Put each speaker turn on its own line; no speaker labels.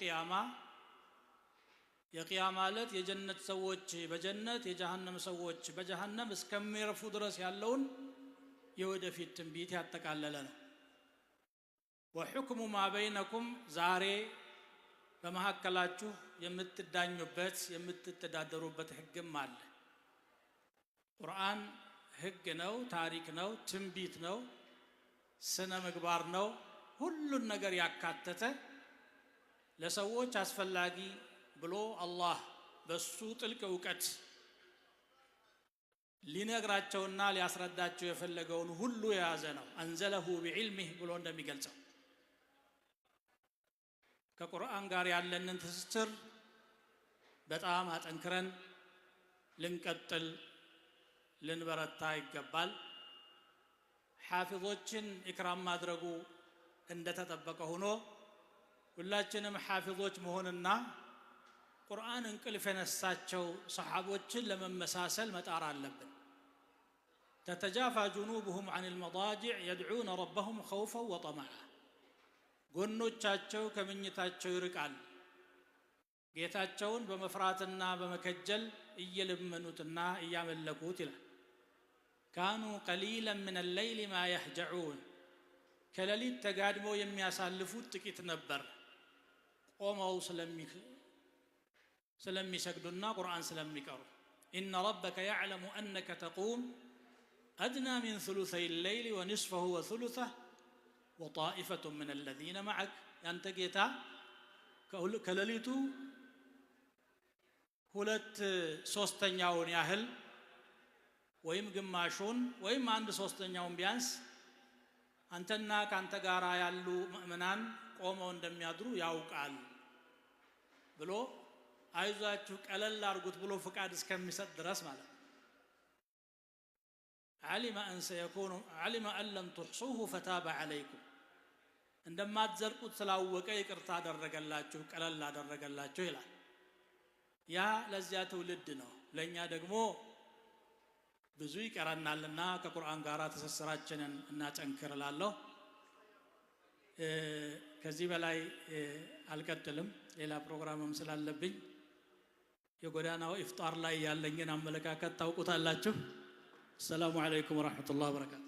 ቅያማ የቅያማ ዕለት የጀነት ሰዎች በጀነት የጀሃነም ሰዎች በጀሃነም እስከሚረፉ ድረስ ያለውን የወደፊት ትንቢት ያጠቃለለ ነው ወሕክሙ ማ በይነኩም ዛሬ በመካከላችሁ የምትዳኙበት የምትተዳደሩበት ህግም አለ ቁርአን ህግ ነው ታሪክ ነው ትንቢት ነው ስነ ምግባር ነው ሁሉን ነገር ያካተተ ለሰዎች አስፈላጊ ብሎ አላህ በሱ ጥልቅ እውቀት ሊነግራቸውና ሊያስረዳቸው የፈለገውን ሁሉ የያዘ ነው። አንዘለሁ ቢዕልሚህ ብሎ እንደሚገልጸው ከቁርአን ጋር ያለንን ትስስር በጣም አጠንክረን ልንቀጥል ልንበረታ ይገባል። ሓፊዞችን ኢክራም ማድረጉ እንደተጠበቀ ሆኖ ሁላችንም ሐፊዞች መሆንና ቁርአን እንቅልፍ የነሳቸው ሰሓቦችን ለመመሳሰል መጣር አለብን ተተጃፋ ጁኑብሁም አን ልመضጅዕ የድዑነ ረበሁም ኸውፈን ወጠመዓ ጎኖቻቸው ከምኝታቸው ይርቃል ጌታቸውን በመፍራትና በመከጀል እየለመኑትና እያመለኩት ይላል ካኑ ቀሊለን ምን ለይል ማ የህጀዑን ከሌሊት ተጋድመው የሚያሳልፉት ጥቂት ነበር ቆመው ስለሚሰግዱና ቁርአን ስለሚቀሩ إن ربك يعلم أنك تقوم أدنى من ثلثي الليل ونصفه وثلثه وطائفة من الذين معك أنت جيتا كلليتو ሁለት ሶስተኛውን ويم ወይም ويم عند سوستن ሶስተኛውን بيانس አንተና ከአንተ ጋር ያሉ ምእምናን ቆመው እንደሚያድሩ ያውቃል ብሎ አይዟችሁ ቀለል አርጉት ብሎ ፍቃድ እስከሚሰጥ ድረስ ማለት ነው። ዓሊመ አን ሰየኩኑ ዓሊመ አን ለም ትሕሱሁ ፈታበ ዓለይኩም እንደማትዘልቁት ስላወቀ ይቅርታ አደረገላችሁ፣ ቀለል አደረገላችሁ ይላል። ያ ለዚያ ትውልድ ነው። ለእኛ ደግሞ ብዙ ይቀረናልና ከቁርአን ጋር ትስስራችንን እናጨንክርላለሁ ከዚህ በላይ አልቀጥልም፣ ሌላ ፕሮግራምም ስላለብኝ የጎዳናው ኢፍጣር ላይ ያለኝን አመለካከት ታውቁታላችሁ። አሰላሙ አለይኩም ወረሕመቱላህ በረካቱ